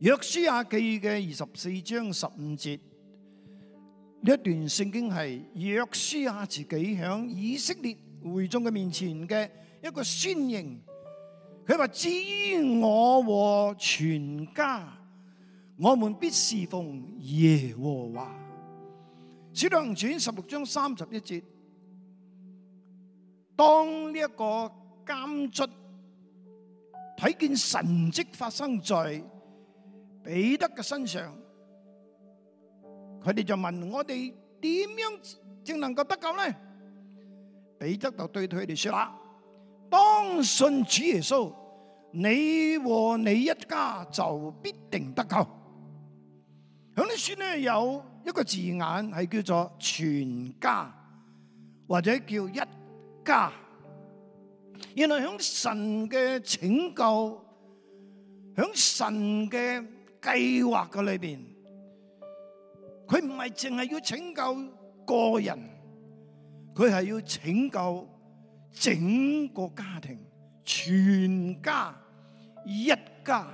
約書亞記嘅二十四章十五節，呢一段聖經係約書亞自己響以色列會眾嘅面前嘅一個宣認，佢話：至於我和全家，我們必侍奉耶和華。小道行傳十六章三十一節，當呢一個監卒睇見神蹟發生在彼得嘅身上，佢哋就問我哋點樣正能夠得救呢？彼得就對佢哋說啦：當信主耶穌，你和你一家就必定得救。響啲書呢有一個字眼係叫做全家，或者叫一家。原來響神嘅拯救，響神嘅。計劃嘅裏邊，佢唔係淨係要拯救個人，佢係要拯救整個家庭、全家一家。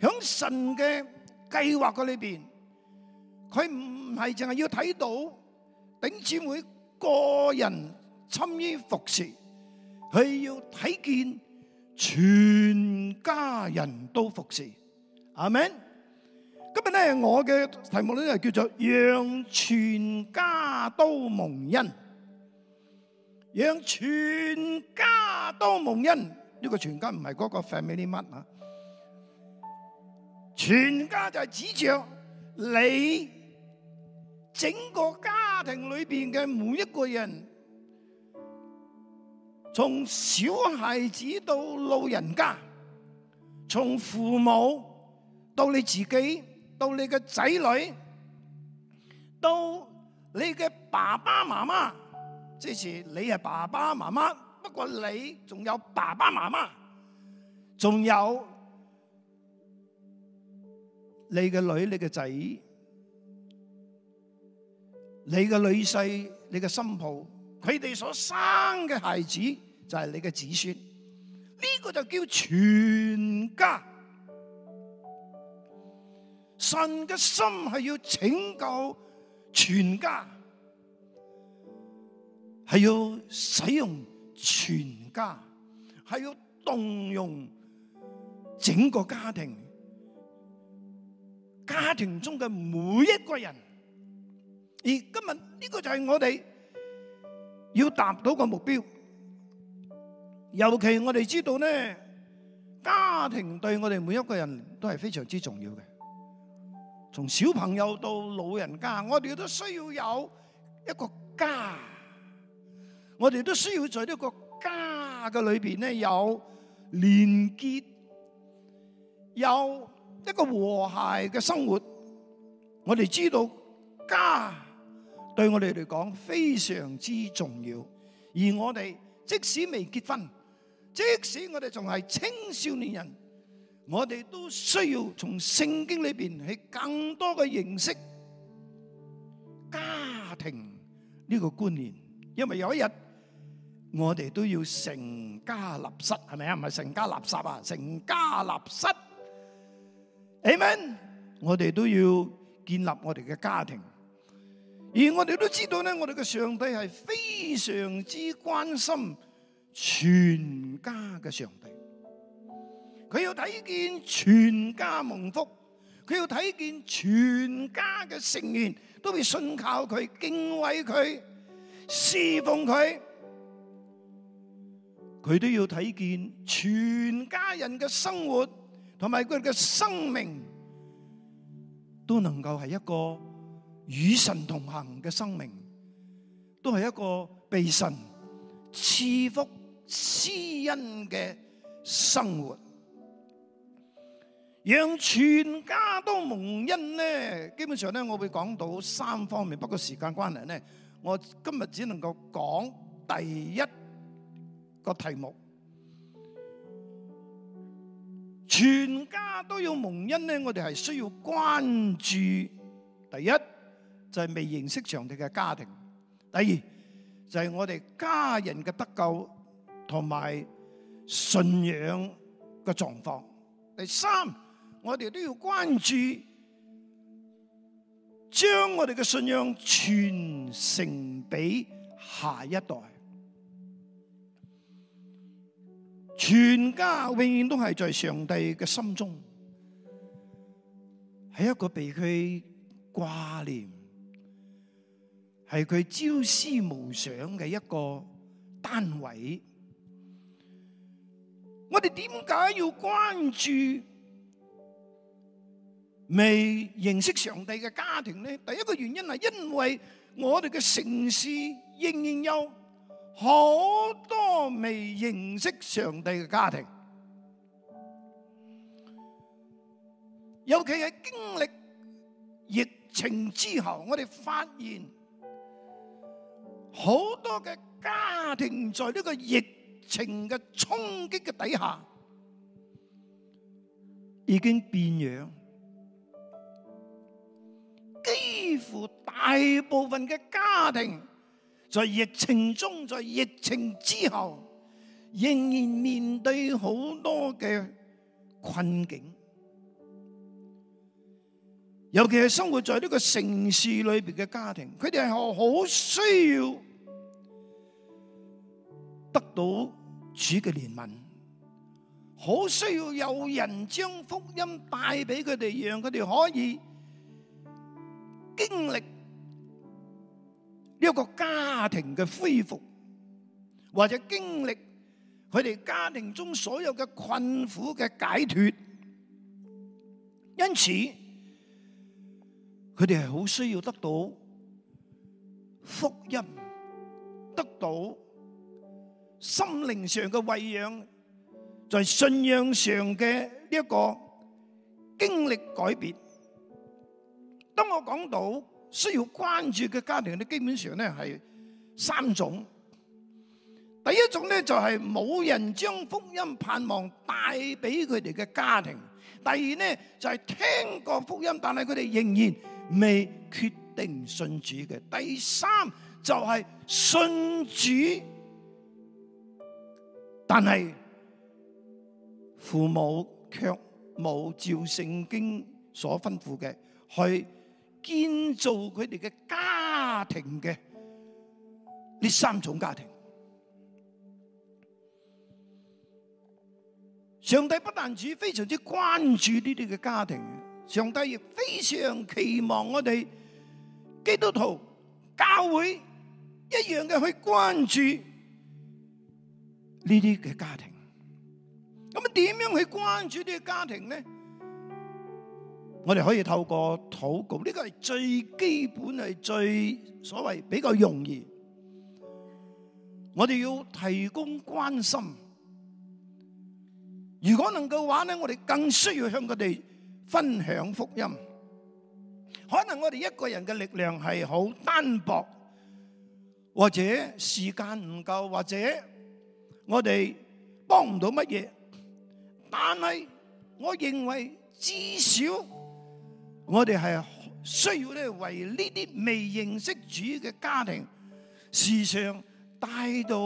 響神嘅計劃嘅裏邊，佢唔係淨係要睇到頂姊妹個人參與服侍，佢要睇見全家人都服侍。阿門。今日咧，我嘅題目咧就叫做讓全家都蒙恩，讓全家都蒙恩。呢個全家唔係嗰個 family 乜啊？全家就係指著你整個家庭裏邊嘅每一個人，從小孩子到老人家，從父母。到你自己，到你嘅仔女，到你嘅爸爸媽媽，即是你係爸爸媽媽。不過你仲有爸爸媽媽，仲有你嘅女、你嘅仔、你嘅女婿、你嘅新抱，佢哋所生嘅孩子就係你嘅子孫。呢個就叫全家。神嘅心係要拯救全家，係要使用全家，係要動用整個家庭，家庭中嘅每一個人。而今日呢個就係我哋要達到嘅目標。尤其我哋知道咧，家庭對我哋每一個人都係非常之重要嘅。從小朋友到老人家，我哋都需要有一個家。我哋都需要在呢個家嘅裏邊咧，有連結，有一個和諧嘅生活。我哋知道家對我哋嚟講非常之重要。而我哋即使未結婚，即使我哋仲係青少年人。我哋都需要從聖經裏邊去更多嘅認識家庭呢個觀念，因為有一日我哋都要成家立室，係咪啊？唔係成家立圾啊，成家立室。Amen！我哋都要建立我哋嘅家庭，而我哋都知道咧，我哋嘅上帝係非常之關心全家嘅上帝。佢要睇見全家蒙福，佢要睇見全家嘅成員都會信靠佢、敬畏佢、侍奉佢，佢都要睇見全家人嘅生活同埋佢嘅生命都能夠係一個與神同行嘅生命，都係一個被神賜福施恩嘅生活。讓全家都蒙恩咧，基本上咧我會講到三方面，不過時間關係咧，我今日只能夠講第一個題目。全家都要蒙恩咧，我哋係需要關注，第一就係未認識上帝嘅家庭，第二就係我哋家人嘅得救同埋信仰嘅狀況，第三。我哋都要關注，將我哋嘅信仰傳承俾下一代。全家永遠都係在上帝嘅心中，係一個被佢掛念，係佢朝思暮想嘅一個單位。我哋點解要關注？未認識上帝嘅家庭咧，第一個原因係因為我哋嘅城市仍然有好多未認識上帝嘅家庭。尤其係經歷疫情之後，我哋發現好多嘅家庭在呢個疫情嘅衝擊嘅底下已經變樣。幾乎大部分嘅家庭，在疫情中、在疫情之後，仍然面對好多嘅困境。尤其係生活在呢個城市裏邊嘅家庭，佢哋係好需要得到主嘅憐憫，好需要有人將福音帶俾佢哋，讓佢哋可以。經歷呢一個家庭嘅恢復，或者經歷佢哋家庭中所有嘅困苦嘅解脫，因此佢哋係好需要得到福音，得到心靈上嘅餵養，在信仰上嘅呢一個經歷改變。當我講到需要關注嘅家庭，咧基本上咧係三種。第一種咧就係冇人將福音盼望帶俾佢哋嘅家庭；第二咧就係聽過福音，但係佢哋仍然未決定信主嘅；第三就係信主，但係父母卻冇照聖經所吩咐嘅去。建造佢哋嘅家庭嘅呢三種家庭，上帝不但止非常之關注呢啲嘅家庭，上帝亦非常期望我哋基督徒教會一樣嘅去關注呢啲嘅家庭。咁啊，點樣去關注呢個家庭咧？我哋可以透過禱告，呢個係最基本，係最所謂比較容易。我哋要提供關心。如果能夠話咧，我哋更需要向佢哋分享福音。可能我哋一個人嘅力量係好單薄，或者時間唔夠，或者我哋幫唔到乜嘢。但係我認為至少。我哋係需要咧，為呢啲未認識主嘅家庭，時常帶到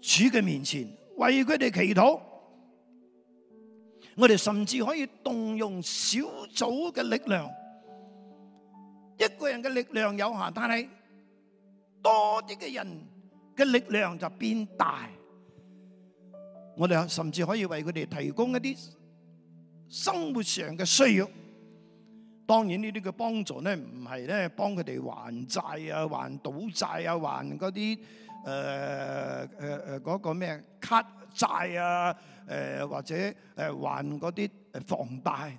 主嘅面前，為佢哋祈禱。我哋甚至可以動用小組嘅力量，一個人嘅力量有限，但係多啲嘅人嘅力量就變大。我哋甚至可以為佢哋提供一啲生活上嘅需要。當然呢啲嘅幫助咧，唔係咧幫佢哋還債啊、還賭債啊、還嗰啲誒誒誒嗰個咩卡債啊，誒、呃、或者誒、呃、還嗰啲房貸。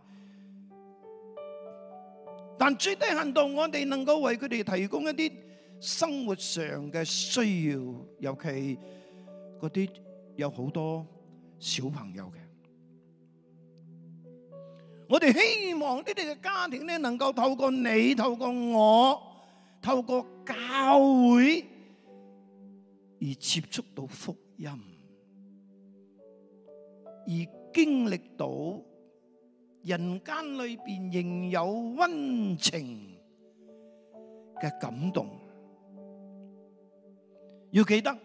但最低限度，我哋能夠為佢哋提供一啲生活上嘅需要，尤其嗰啲有好多小朋友嘅。我哋希望呢啲嘅家庭咧，能夠透過你、透過我、透過教會而接觸到福音，而經歷到人間裏邊仍有溫情嘅感動。要記得，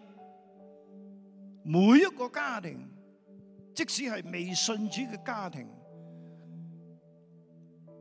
每一個家庭，即使係未信主嘅家庭。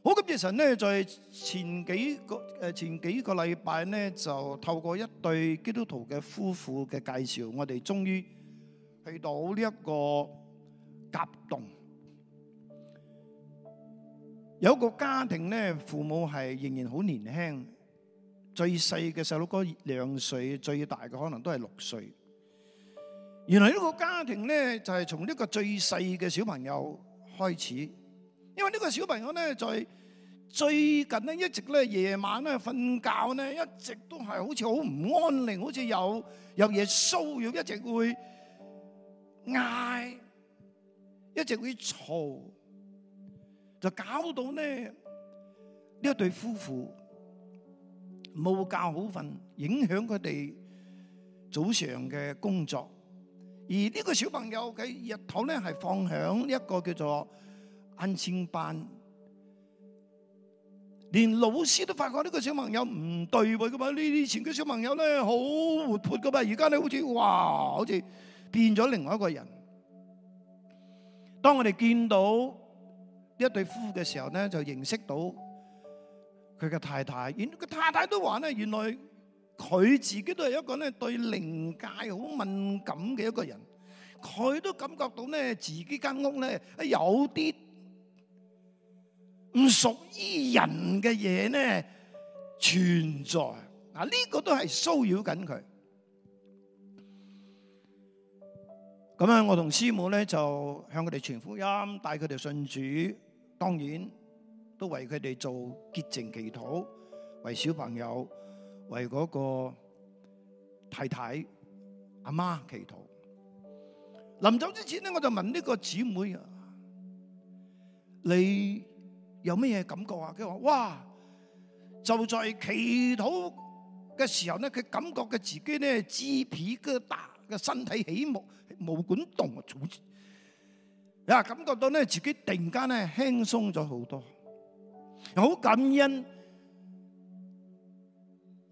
好咁，其實咧，在、就是、前幾個誒前幾個禮拜咧，就透過一對基督徒嘅夫婦嘅介紹，我哋終於去到呢一個甲洞。有一個家庭咧，父母係仍然好年輕，最細嘅細佬哥兩歲，最大嘅可能都係六歲。原來呢個家庭咧，就係、是、從呢個最細嘅小朋友開始。因為呢個小朋友咧，在最近咧一直咧夜晚咧瞓覺咧一直都係好似好唔安寧，好似有有嘢騷擾，一直會嗌，一直會嘈，就搞到咧呢一對夫婦冇覺好瞓，影響佢哋早上嘅工作，而呢個小朋友佢日頭咧係放響一個叫做。斑青斑，連老師都發覺呢個小朋友唔對位，噶嘛呢啲以前嘅小朋友咧好活潑噶嘛，而家咧好似哇，好似變咗另外一個人。當我哋見到呢一對夫婦嘅時候咧，就認識到佢嘅太太。然個太太都話咧，原來佢自己都係一個咧對靈界好敏感嘅一個人，佢都感覺到咧自己間屋咧有啲。唔屬於人嘅嘢，呢存在啊，呢個都係騷擾緊佢。咁樣，我同師母咧就向佢哋傳福音，帶佢哋信主，當然都為佢哋做潔淨祈禱，為小朋友，為嗰個太太、阿媽祈禱。臨走之前咧，我就問呢個姊妹啊，你有咩嘢感覺啊？佢話：哇，就在祈禱嘅時候咧，佢感覺嘅自己咧，雞皮疙瘩，個身體起毛毛管動啊！嗱，感覺到咧，自己突然間咧，輕鬆咗好多，好感恩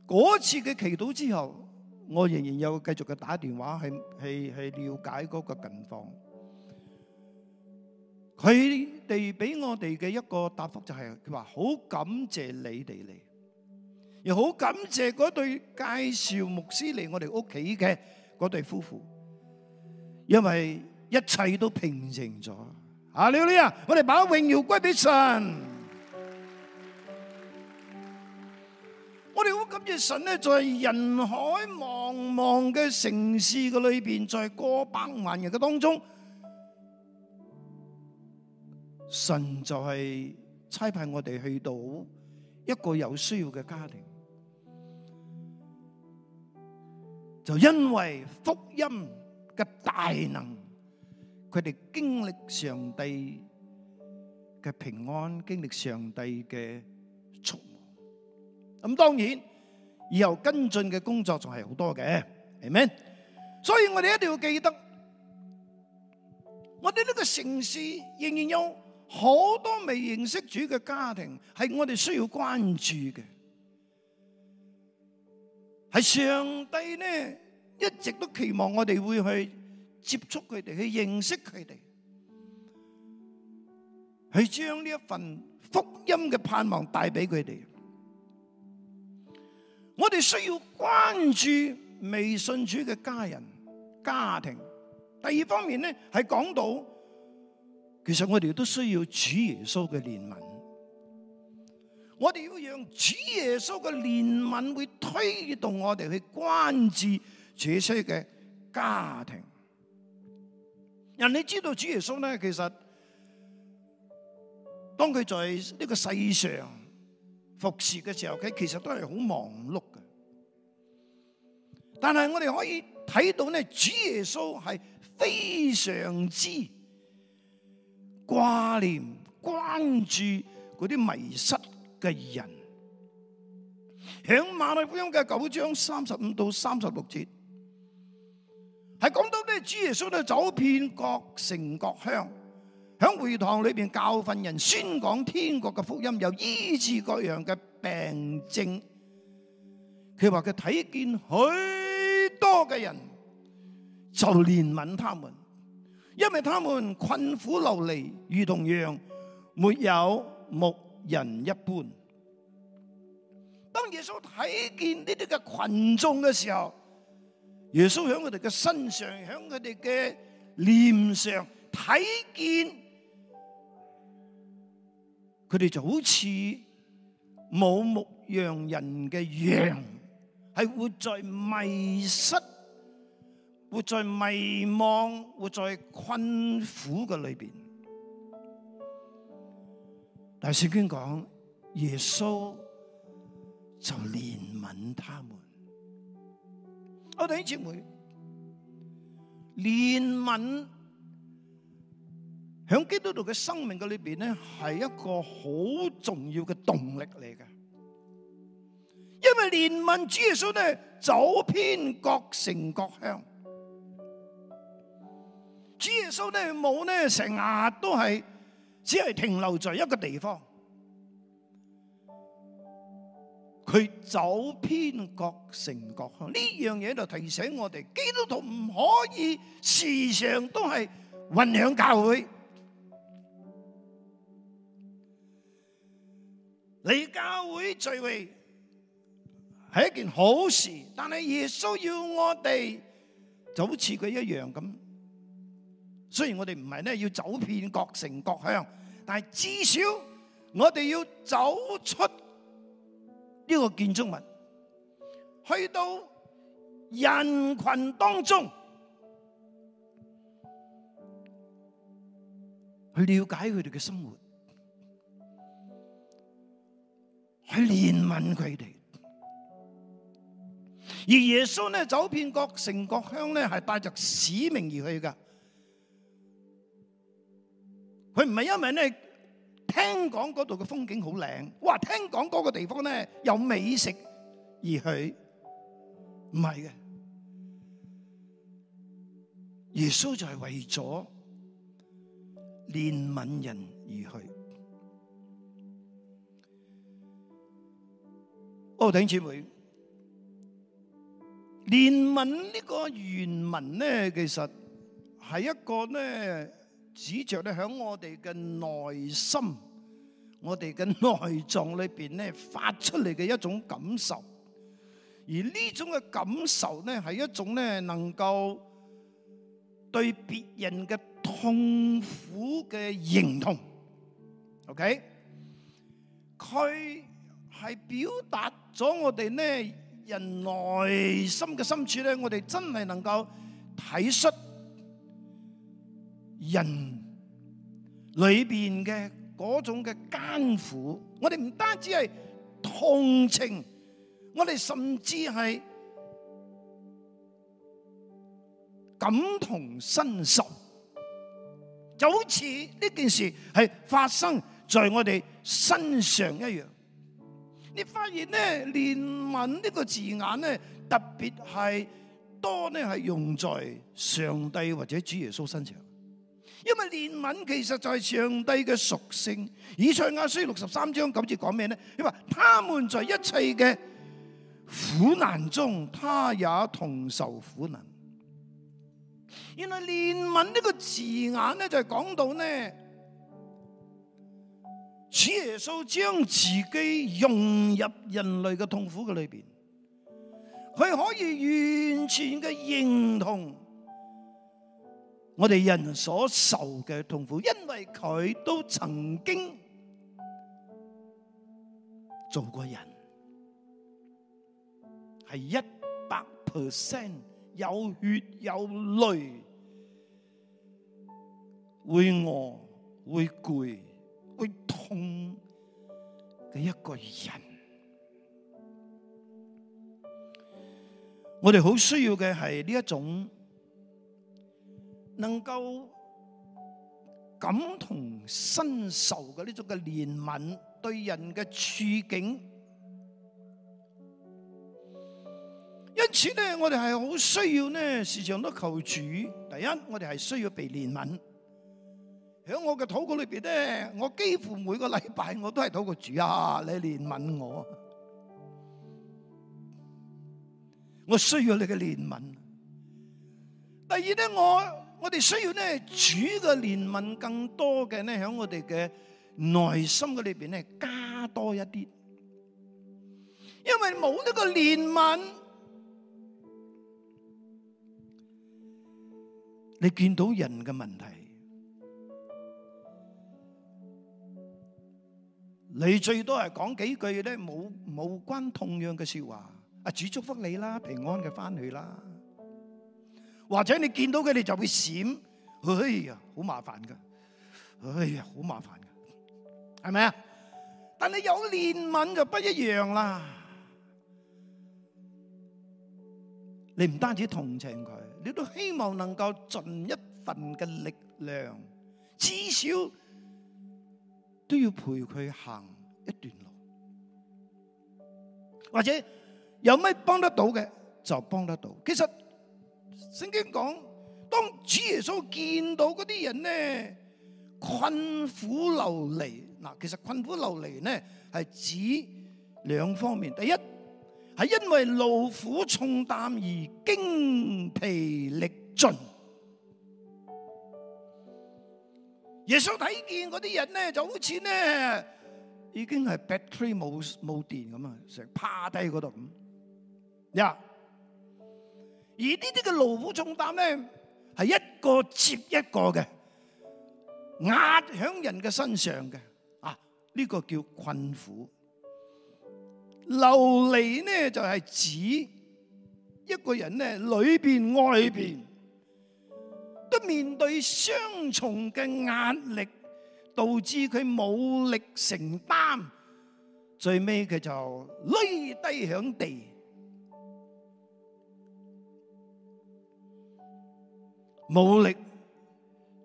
嗰次嘅祈禱之後，我仍然有繼續嘅打電話，係係係了解嗰個近況。佢哋俾我哋嘅一個答覆就係，佢話好感謝你哋嚟，又好感謝嗰對介紹牧師嚟我哋屋企嘅嗰對夫婦，因為一切都平靜咗。啊，李李啊，我哋把榮耀歸俾神。我哋好感謝神咧，在人海茫茫嘅城市嘅裏邊，在過百萬人嘅當中。神就係差派我哋去到一個有需要嘅家庭，就因為福音嘅大能，佢哋經歷上帝嘅平安，經歷上帝嘅觸摸。咁當然以後跟進嘅工作仲係好多嘅，係咪？所以我哋一定要記得，我哋呢個城市仍然有。好多未認識主嘅家庭係我哋需要關注嘅，係上帝呢一直都期望我哋會去接觸佢哋，去認識佢哋，去將呢一份福音嘅盼望帶俾佢哋。我哋需要關注未信主嘅家人、家庭。第二方面呢，係講到。其實我哋都需要主耶穌嘅憐憫，我哋要讓主耶穌嘅憐憫會推動我哋去關注這些嘅家庭。人哋知道主耶穌咧，其實當佢在呢個世上服侍嘅時候，佢其實都係好忙碌嘅。但係我哋可以睇到咧，主耶穌係非常之掛念、關注嗰啲迷失嘅人。喺馬太福音嘅九章三十五到三十六節，係講到呢，主耶穌都走遍各城各鄉，喺會堂裏邊教訓人、宣講天國嘅福音，又醫治各樣嘅病症。佢話佢睇見許多嘅人，就憐憫他們。因為他們困苦流離，如同羊沒有牧人一般。當耶穌睇見呢啲嘅群眾嘅時候，耶穌喺佢哋嘅身上，喺佢哋嘅臉上睇見，佢哋就好似冇牧羊人嘅羊，係活在迷失。活在迷茫，活在困苦嘅裏邊。大聖經講耶穌就憐憫他們。我哋兄弟姊妹憐憫響基督道嘅生命嘅裏邊咧，係一個好重要嘅動力嚟嘅。因為憐憫主耶穌咧，走遍各城各鄉。主耶穌咧冇呢成日都係只係停留在一個地方，佢走遍各城各鄉，呢樣嘢就提醒我哋，基督徒唔可以時常都係醞釀教會。嚟教會聚會係一件好事，但係耶穌要我哋就好似佢一樣咁。雖然我哋唔係咧要走遍各城各鄉，但係至少我哋要走出呢個建築物，去到人群當中，去了解佢哋嘅生活，去憐憫佢哋。而耶穌咧走遍各城各鄉咧，係帶着使命而去噶。佢唔係因為咧聽講嗰度嘅風景好靚，哇！聽講嗰個地方咧有美食而去，唔係嘅。耶穌就係為咗憐憫人而去。哦，弟兄姊妹，憐憫呢個原文咧，其實係一個咧。指著咧喺我哋嘅內心、我哋嘅內臟裏邊咧發出嚟嘅一種感受，而呢種嘅感受咧係一種咧能夠對別人嘅痛苦嘅認同，OK？佢係表達咗我哋咧人內心嘅深處咧，我哋真係能夠體恤。人裏邊嘅嗰種嘅艱苦，我哋唔單止係同情，我哋甚至係感同身受，就好似呢件事係發生在我哋身上一樣。你發現呢，憐憫呢個字眼呢，特別係多呢，係用在上帝或者主耶穌身上。因為憐憫其實就係上帝嘅屬性。以賽亞書六十三章，咁至講咩咧？因為他們在一切嘅苦難中，他也同受苦難。原來憐憫呢個字眼咧，就係講到咧，主耶穌將自己融入人類嘅痛苦嘅裏邊，佢可以完全嘅認同。我哋人所受嘅痛苦，因為佢都曾經做過人，係一百 percent 有血有淚，會餓會攰會痛嘅一個人。我哋好需要嘅係呢一種。能夠感同身受嘅呢種嘅憐憫，對人嘅處境，因此咧，我哋係好需要呢，時常都求主。第一，我哋係需要被憐憫。響我嘅禱告裏邊咧，我幾乎每個禮拜我都係禱告主啊，你憐憫我，我需要你嘅憐憫。第二咧，我。我哋需要咧主嘅憐憫，更多嘅咧喺我哋嘅內心嘅裏邊咧加多一啲，因為冇呢個憐憫，你見到人嘅問題，你最多係講幾句咧冇冇關痛癢嘅說話，啊主祝福你啦，平安嘅返去啦。或者你見到佢，你就會閃。哎呀，好麻煩㗎！哎呀，好麻煩㗎，係咪啊？但係有憐憫就不一樣啦。你唔單止同情佢，你都希望能夠盡一份嘅力量，至少都要陪佢行一段路。或者有咩幫得到嘅就幫得到。其實。聖經講，當主耶穌見到嗰啲人呢，困苦流離。嗱，其實困苦流離呢，係指兩方面。第一，係因為勞苦重擔而精疲力盡。耶穌睇見嗰啲人呢，就好似呢，已經係 battery 冇冇電咁啊，成日趴低嗰度咁。一、yeah。而呢啲嘅勞苦重擔咧，係一個接一個嘅壓喺人嘅身上嘅，啊呢個叫困苦。流離咧就係指一個人咧裏邊外邊都面對雙重嘅壓力，導致佢冇力承擔，最尾佢就累低響地。冇力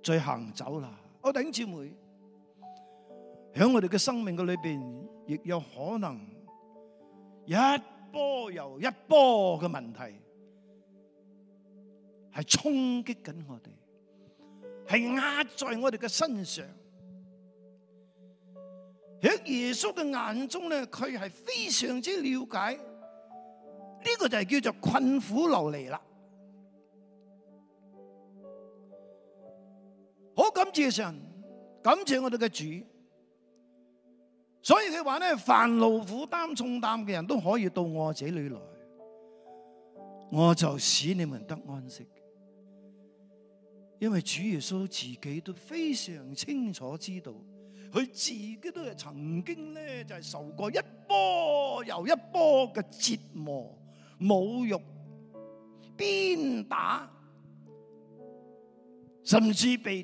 再行走啦！我、哦、弟兄姊妹，喺我哋嘅生命嘅裏邊，亦有可能一波又一波嘅問題係衝擊緊我哋，係壓在我哋嘅身上。喺耶穌嘅眼中咧，佢係非常之了解呢，這個就係叫做困苦流離啦。我感謝神，感謝我哋嘅主，所以佢話咧，凡勞苦擔重擔嘅人都可以到我這裏來，我就使你們得安息。因為主耶穌自己都非常清楚知道，佢自己都係曾經咧就係受過一波又一波嘅折磨、侮辱、鞭打，甚至被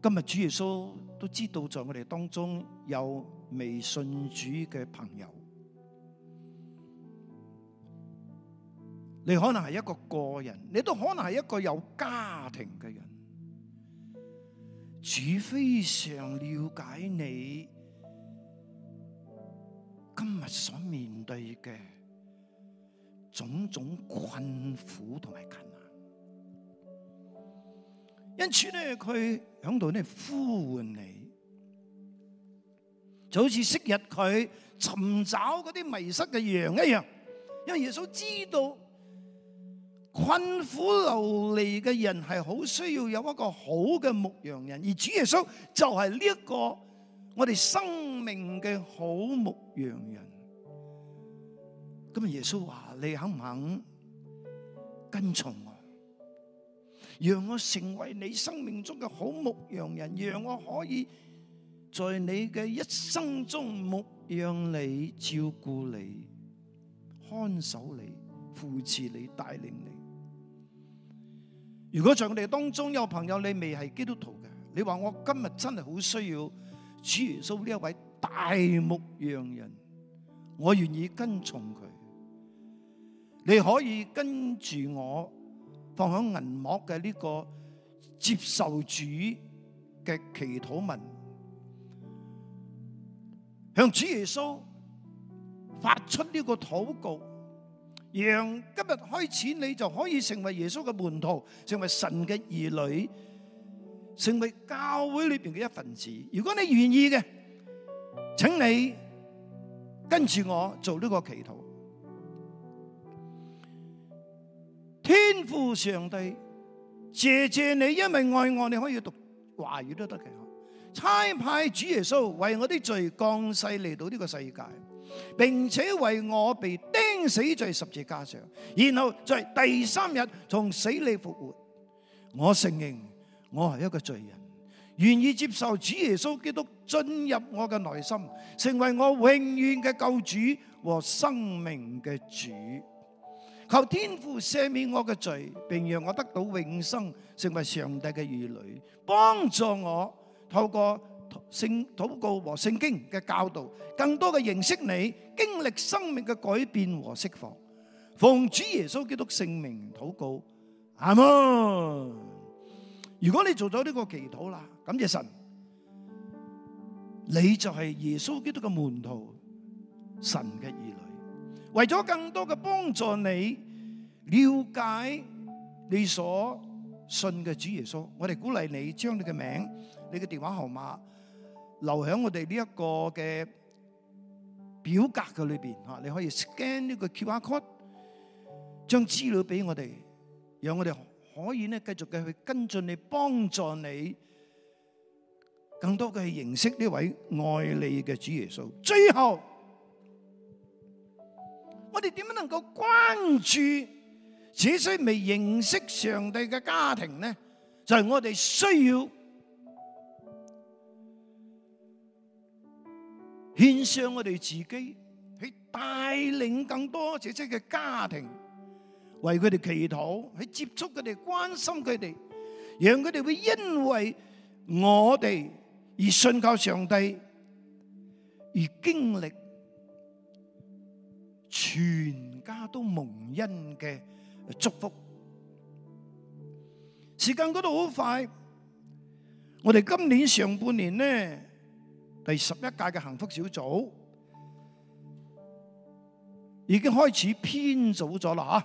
今日主耶穌都知道在我哋當中有未信主嘅朋友，你可能係一個個人，你都可能係一個有家庭嘅人，主非常了解你今日所面對嘅種種困苦同埋緊。因此咧，佢響度咧呼喚你，就好似昔日佢尋找嗰啲迷失嘅羊一樣。因為耶穌知道困苦流離嘅人係好需要有一個好嘅牧羊人，而主耶穌就係呢一個我哋生命嘅好牧羊人。咁啊，耶穌話：你肯唔肯跟從？讓我成為你生命中嘅好牧羊人，讓我可以在你嘅一生中牧養你、照顧你、看守你、扶持你、帶領你。如果在我哋當中有朋友你未係基督徒嘅，你話我今日真係好需要主耶穌呢一位大牧羊人，我願意跟從佢。你可以跟住我。放喺銀幕嘅呢個接受主嘅祈禱文，向主耶穌發出呢個禱告，讓今日開始你就可以成為耶穌嘅門徒，成為神嘅兒女，成為教會裏面嘅一份子。如果你願意嘅，請你跟住我做呢個祈禱。父上帝，謝謝你，因為愛我，你可以讀華語都得嘅。差派主耶穌為我的罪降世嚟到呢個世界，並且為我被釘死在十字架上，然後在第三日從死裏復活。我承認我係一個罪人，願意接受主耶穌基督進入我嘅內心，成為我永遠嘅救主和生命嘅主。求天父赦免我嘅罪，並讓我得到永生，成為上帝嘅兒女。幫助我透過聖禱告和聖經嘅教導，更多嘅認識你，經歷生命嘅改變和釋放。奉主耶穌基督聖名禱告，阿門。如果你做咗呢個祈禱啦，感謝神，你就係耶穌基督嘅門徒，神嘅兒女。為咗更多嘅幫助你了解你所信嘅主耶穌，我哋鼓勵你將你嘅名、你嘅電話號碼留喺我哋呢一個嘅表格嘅裏邊吓，你可以 scan 呢個 QR code，將資料俾我哋，讓我哋可以呢繼續繼續嘅去跟進你，幫助你更多嘅去認識呢位愛你嘅主耶穌。最後。我哋點樣能夠關注這些未認識上帝嘅家庭呢？就係我哋需要獻上我哋自己去帶領更多這些嘅家庭，為佢哋祈禱，去接觸佢哋，關心佢哋，讓佢哋會因為我哋而信靠上帝，而經歷。全家都蒙恩嘅祝福。時間過到好快，我哋今年上半年咧，第十一屆嘅幸福小組已經開始偏早咗啦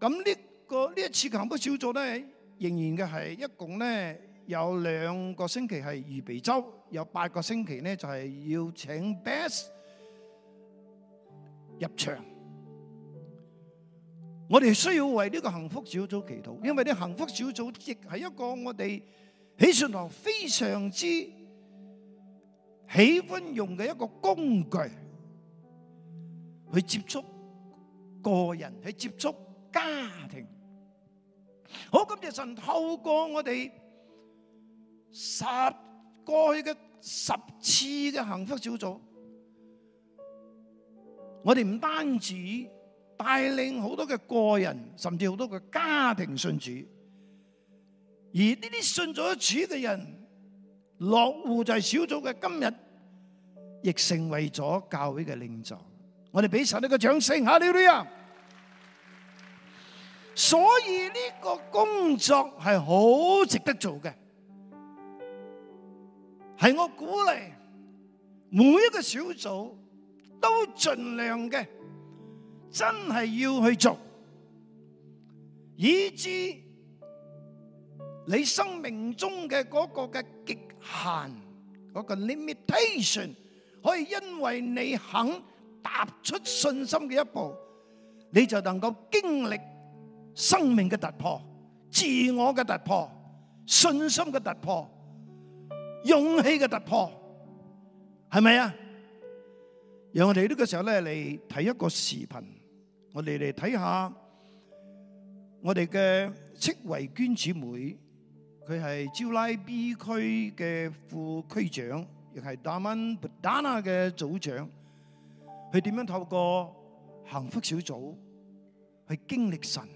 嚇。咁呢個呢一次幸福小組咧，仍然嘅係一共咧有兩個星期係預備週，有八個星期咧就係要請 best 入場，我哋需要為呢個幸福小組祈禱，因為呢，幸福小組亦係一個我哋喺信堂非常之喜歡用嘅一個工具，去接觸個人，去接觸家庭。好，感謝神透過我哋十過去嘅十次嘅幸福小組。我哋唔單止帶領好多嘅個人，甚至好多嘅家庭信主，而呢啲信咗主嘅人落戶就係小組嘅，今日亦成為咗教會嘅領袖。我哋俾晒呢個掌聲吓，劉女啊！所以呢個工作係好值得做嘅，係我鼓勵每一個小組。都盡量嘅，真係要去做，以至你生命中嘅嗰個嘅極限，嗰個 limitation，可以因為你肯踏出信心嘅一步，你就能夠經歷生命嘅突破、自我嘅突破、信心嘅突破、勇氣嘅突破，係咪啊？讓我哋呢個時候咧嚟睇一個視頻，我哋嚟睇下我哋嘅戚維娟姊妹，佢係招拉 B 區嘅副區長，亦係達文布達娜嘅組長，佢點樣透過幸福小組去經歷神。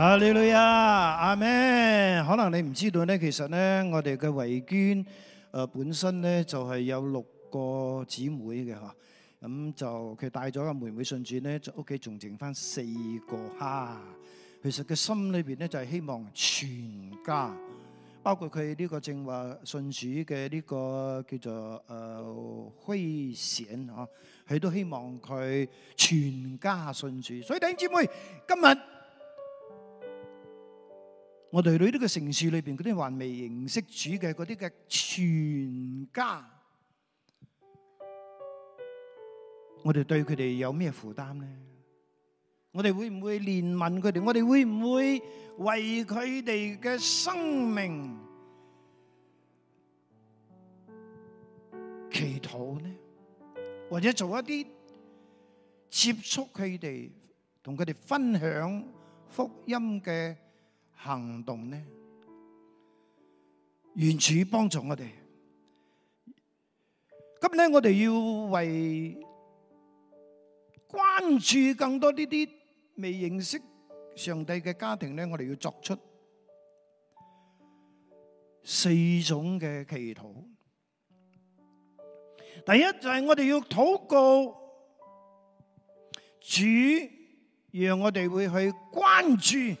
啊，靚女啊，阿咩，可能你唔知道咧，其實咧，我哋嘅慧娟誒本身咧就係有六個姊妹嘅嗬，咁就佢帶咗個妹妹信主咧，屋企仲剩翻四個，吓，其實佢心裏邊咧就係希望全家，包括佢呢個正話信主嘅呢個叫做誒虧損嗬，佢都希望佢全家信主，所以弟兄姊妹今日。我哋喺呢個城市裏邊嗰啲還未認識主嘅嗰啲嘅全家，我哋對佢哋有咩負擔呢？我哋會唔會憐憫佢哋？我哋會唔會為佢哋嘅生命祈禱呢？或者做一啲接觸佢哋，同佢哋分享福音嘅？行動呢，願主幫助我哋。咁咧，我哋要為關注更多呢啲未認識上帝嘅家庭咧，我哋要作出四種嘅祈禱。第一就係我哋要禱告主，讓我哋會去關注。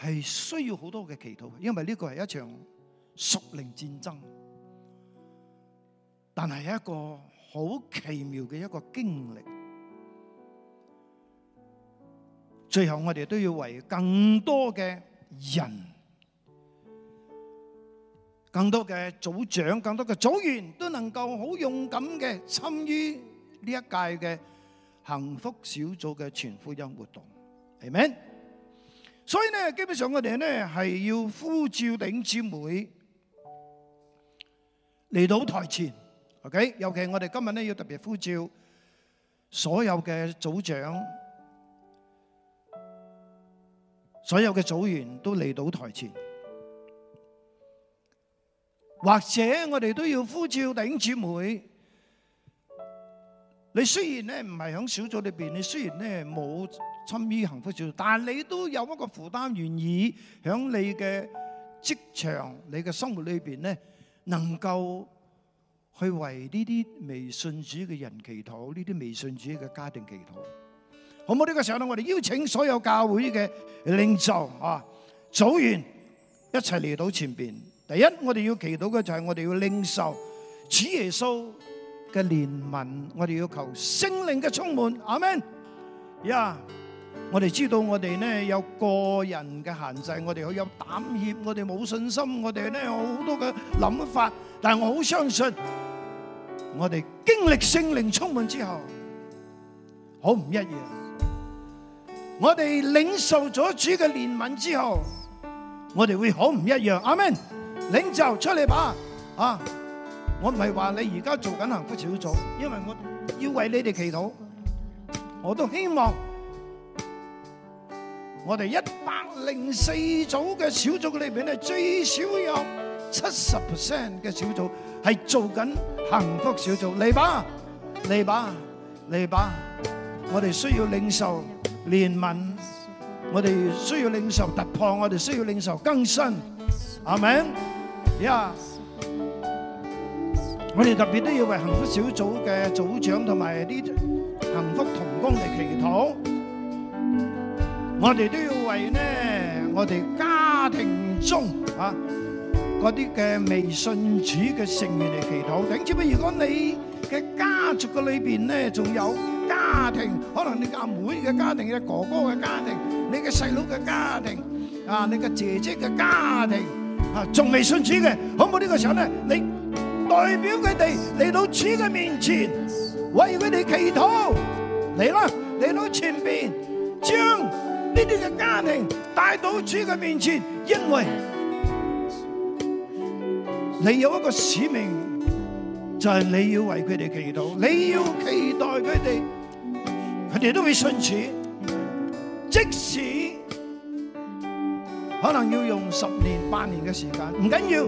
係需要好多嘅祈禱，因為呢個係一場屬靈戰爭，但係一個好奇妙嘅一個經歷。最後我哋都要為更多嘅人、更多嘅組長、更多嘅組員都能夠好勇敢嘅參與呢一屆嘅幸福小組嘅全福音活動，係咪？所以咧，基本上我哋咧係要呼召弟兄姊妹嚟到台前，OK？尤其我哋今日咧要特別呼召所有嘅組長、所有嘅組員都嚟到台前，或者我哋都要呼召弟兄姊妹。你雖然咧唔係喺小組裏邊，你雖然咧冇參與幸福小組，但係你都有一個負擔願意喺你嘅職場、你嘅生活裏邊咧，能夠去為呢啲未信主嘅人祈禱，呢啲未信主嘅家庭祈禱，好唔好？呢個時候咧，我哋邀請所有教會嘅領袖啊、組員一齊嚟到前邊。第一，我哋要祈禱嘅就係我哋要領受主耶穌嘅憐憫，我哋要求聖靈嘅充滿，阿門。呀、yeah，我哋知道我哋呢有個人嘅限制，我哋好有膽怯，我哋冇信心，我哋呢有好多嘅諗法，但係我好相信，我哋經歷聖靈充滿之後，好唔一樣。我哋領受咗主嘅憐憫之後，我哋會好唔一樣，阿門。領袖出嚟吧，啊！我唔係話你而家做緊幸福小組，因為我要為你哋祈禱。我都希望我哋一百零四組嘅小組裏邊咧最少有七十 percent 嘅小組係做緊幸福小組。嚟吧，嚟吧，嚟吧！我哋需要領受憐憫，我哋需要領受突破，我哋需要領受更新，阿明，呀！我哋特別都要為幸福小組嘅組長同埋啲幸福同工嚟祈禱。我哋都要為呢我哋家庭中啊嗰啲嘅未信主嘅成員嚟祈禱。頂住邊？如果你嘅家族嘅裏邊呢，仲有家庭，可能你阿妹嘅家庭、你哥哥嘅家庭、你嘅細佬嘅家庭、啊你嘅姐姐嘅家庭啊，仲未信主嘅，好唔好呢個時候呢，你？代表佢哋嚟到主嘅面前，為佢哋祈禱。嚟啦，嚟到前邊，將呢啲嘅家庭帶到主嘅面前。因為你有一個使命，就係你要為佢哋祈禱，你要期待佢哋，佢哋都會信主。即使可能要用十年、八年嘅時間，唔緊要，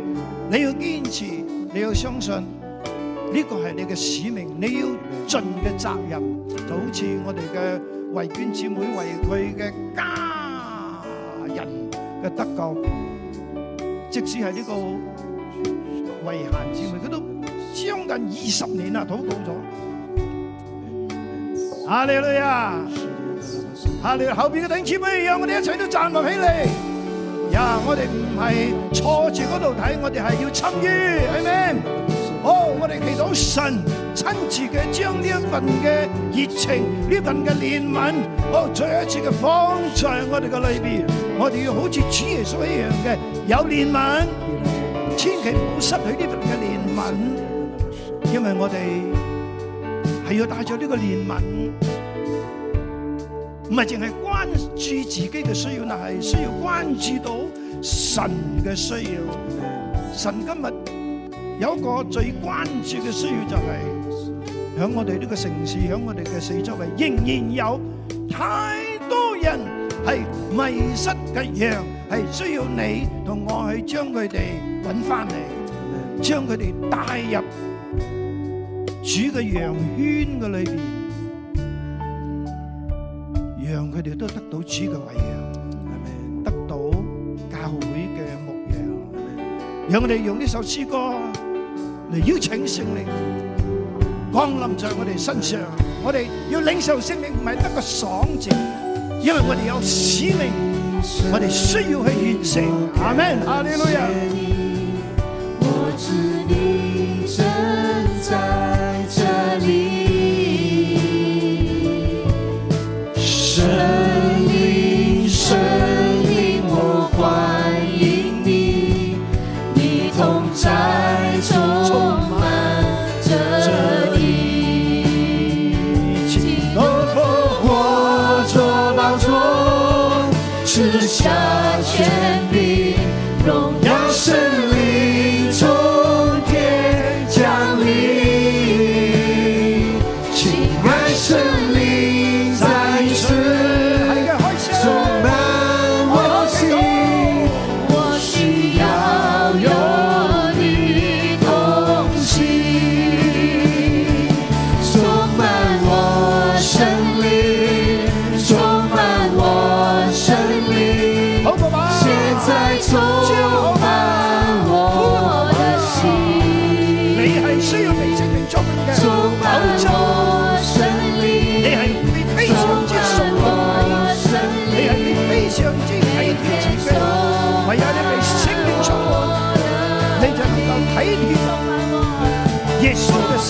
你要堅持。你要相信呢個係你嘅使命，你要盡嘅責任，就好似我哋嘅維娟姊妹為佢嘅家人嘅得救，即使係呢個維賢姊妹，佢都將近二十年啦，禱告咗。阿你女啊，阿你後邊嘅弟兄姊妹，讓我哋一齊都站立起嚟。呀、yeah！我哋唔係坐住嗰度睇，oh，我哋係要參與，係咪？好，我哋祈禱神親自嘅將呢一份嘅熱情，呢份嘅憐憫，好，再一次嘅放在我哋嘅裏邊。我哋要好似主耶穌一樣嘅有憐憫，千祈唔好失去呢份嘅憐憫，因為我哋係要帶咗呢個憐憫。唔係淨係關注自己嘅需要，嗱係需要關注到神嘅需要。神今日有一個最關注嘅需要，就係響我哋呢個城市，響我哋嘅四周圍，仍然有太多人係迷失嘅羊，係需要你同我去將佢哋揾翻嚟，將佢哋帶入主嘅羊圈嘅裏邊。佢哋都得到主嘅餵養，係咪？得到教會嘅牧養，係咪？讓我哋用呢首詩歌嚟，邀請聖靈降臨在我哋身上。我哋要領受聖靈，唔係得個爽字，因為我哋有使命，我哋需要去完成。Amen, 阿門！哈利路亞。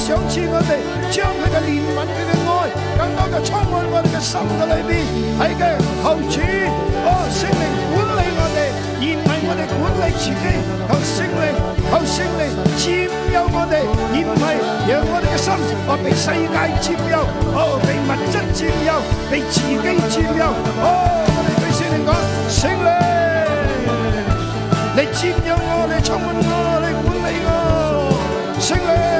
賞賜我哋，將佢嘅憐憫、佢嘅愛，更多嘅充滿我哋嘅心嘅裏邊。係嘅，求主，哦，聖靈管理我哋，而唔係我哋管理自己。求聖靈，求聖靈佔有我哋，而唔係讓我哋嘅心哦被世界佔有，哦被物質佔有，被自己佔有。哦，我哋對聖靈講，聖靈，你佔有我，你充滿我，你管理我，聖靈。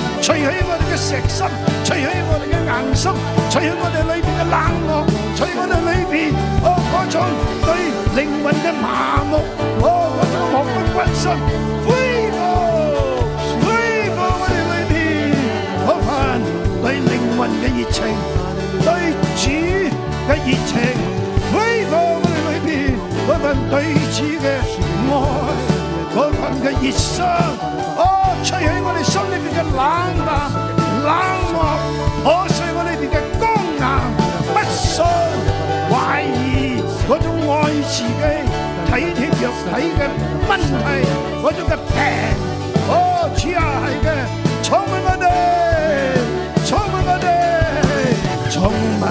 除起我哋嘅石心，除起我哋嘅硬心，除起我哋裏邊嘅冷漠，除起我哋裏邊哦嗰種對靈魂嘅麻木，哦嗰種漠不關心，恢復，恢復我哋裏邊，嗰份對靈魂嘅熱情，對主嘅熱情，恢復我哋裏邊，嗰份對主嘅愛，嗰份嘅熱心。吹起我哋心裏邊嘅冷淡、冷漠，破碎我哋哋嘅剛硬、不需懷疑，嗰種愛自己、體貼肉體嘅問題，嗰種嘅病。哦，主啊，係嘅，充滿我哋，充滿我哋，充滿。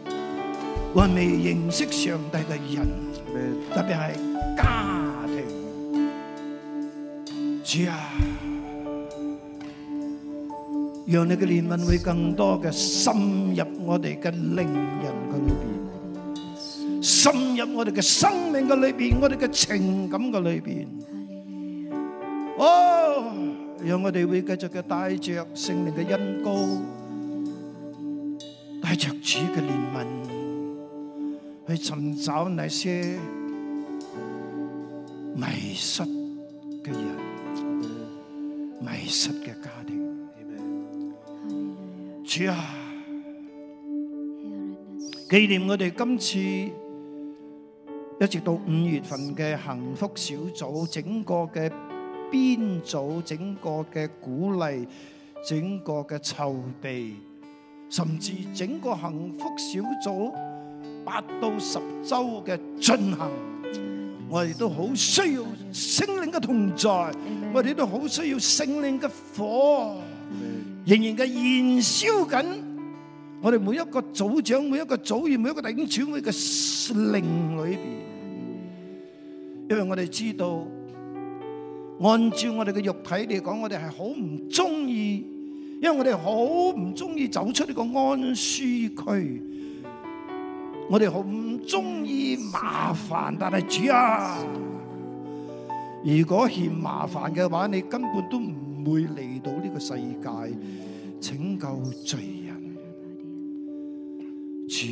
我還未認識上帝嘅人，特別係家庭，主啊，讓你嘅憐憫會更多嘅深入我哋嘅靈人嘅裏邊，深入我哋嘅生命嘅裏邊，我哋嘅情感嘅裏邊。哦，讓我哋會繼續嘅帶着聖靈嘅恩膏，帶着主嘅憐憫。去尋找那些迷失嘅人、迷失嘅家庭。主啊，紀念我哋今次一直到五月份嘅幸福小組，整個嘅編組、整個嘅鼓勵、整個嘅籌備，甚至整個幸福小組。八到十周嘅進行，我哋都好需要聖靈嘅同在，我哋都好需要聖靈嘅火，仍然嘅燃燒緊。我哋每一個組長、每一個組員、每一個頂組委嘅靈裏邊，因為我哋知道，按照我哋嘅肉體嚟講，我哋係好唔中意，因為我哋好唔中意走出呢個安舒區。我哋好唔中意麻煩，但係主啊，如果嫌麻煩嘅話，你根本都唔會嚟到呢個世界拯救罪人。主，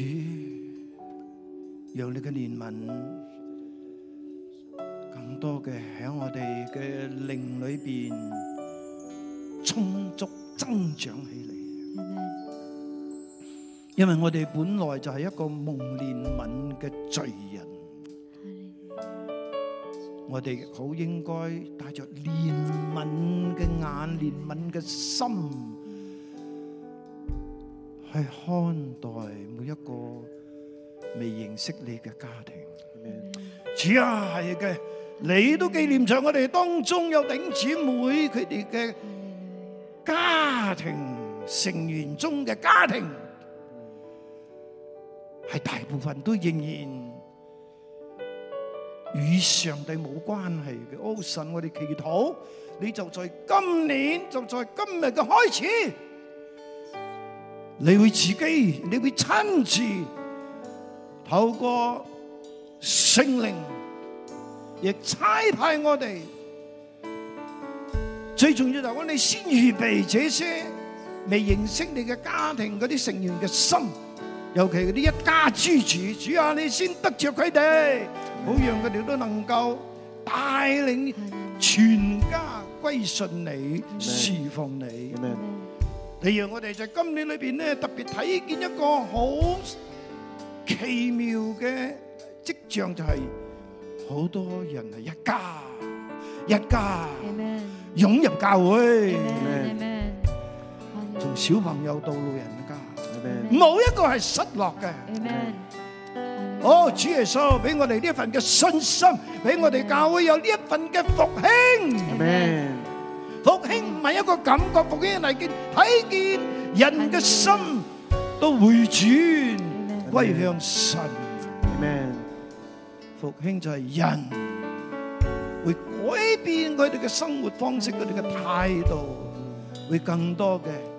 讓你嘅憐憫更多嘅喺我哋嘅靈裏邊充足增長起嚟。因為我哋本來就係一個蒙憐憫嘅罪人，我哋好應該帶着憐憫嘅眼、憐憫嘅心去看待每一個未認識你嘅家庭。似啊，係嘅，你都紀念在我哋當中有弟兄姊妹佢哋嘅家庭成員中嘅家庭。係大部分都仍然與上帝冇關係嘅。哦神，我哋祈禱，你就在今年，就在今日嘅開始，你會自己，你會親自透過聖靈，亦差派我哋，最重要就我哋先預備這些未認識你嘅家庭嗰啲成員嘅心。尤其嗰啲一家之主主啊，你先得着佢哋，好讓佢哋都能夠帶領全家歸順你、侍奉你。譬如我哋就今年裏邊咧，特別睇見一個好奇妙嘅跡象，就係好多人係一家一家湧入教會，從小朋友到老人。冇一個係失落嘅。哦，主耶穌俾我哋呢一份嘅信心，俾我哋教會有呢一份嘅復興。復興唔係一個感覺，復興係見睇見人嘅心都回轉歸向神。復興就係人會改變佢哋嘅生活方式，佢哋嘅態度會更多嘅。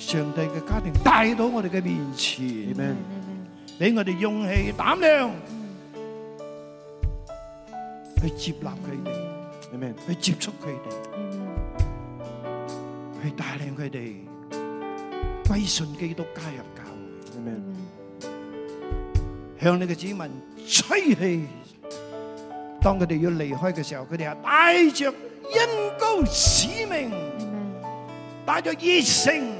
上帝嘅家庭帶到我哋嘅面前，俾我哋勇氣膽量去接納佢哋，阿們去接觸佢哋，去帶領佢哋歸順基督，加入教會，阿們向你嘅子民吹氣，當佢哋要離開嘅時候，佢哋啊帶着恩膏使命，帶着熱誠。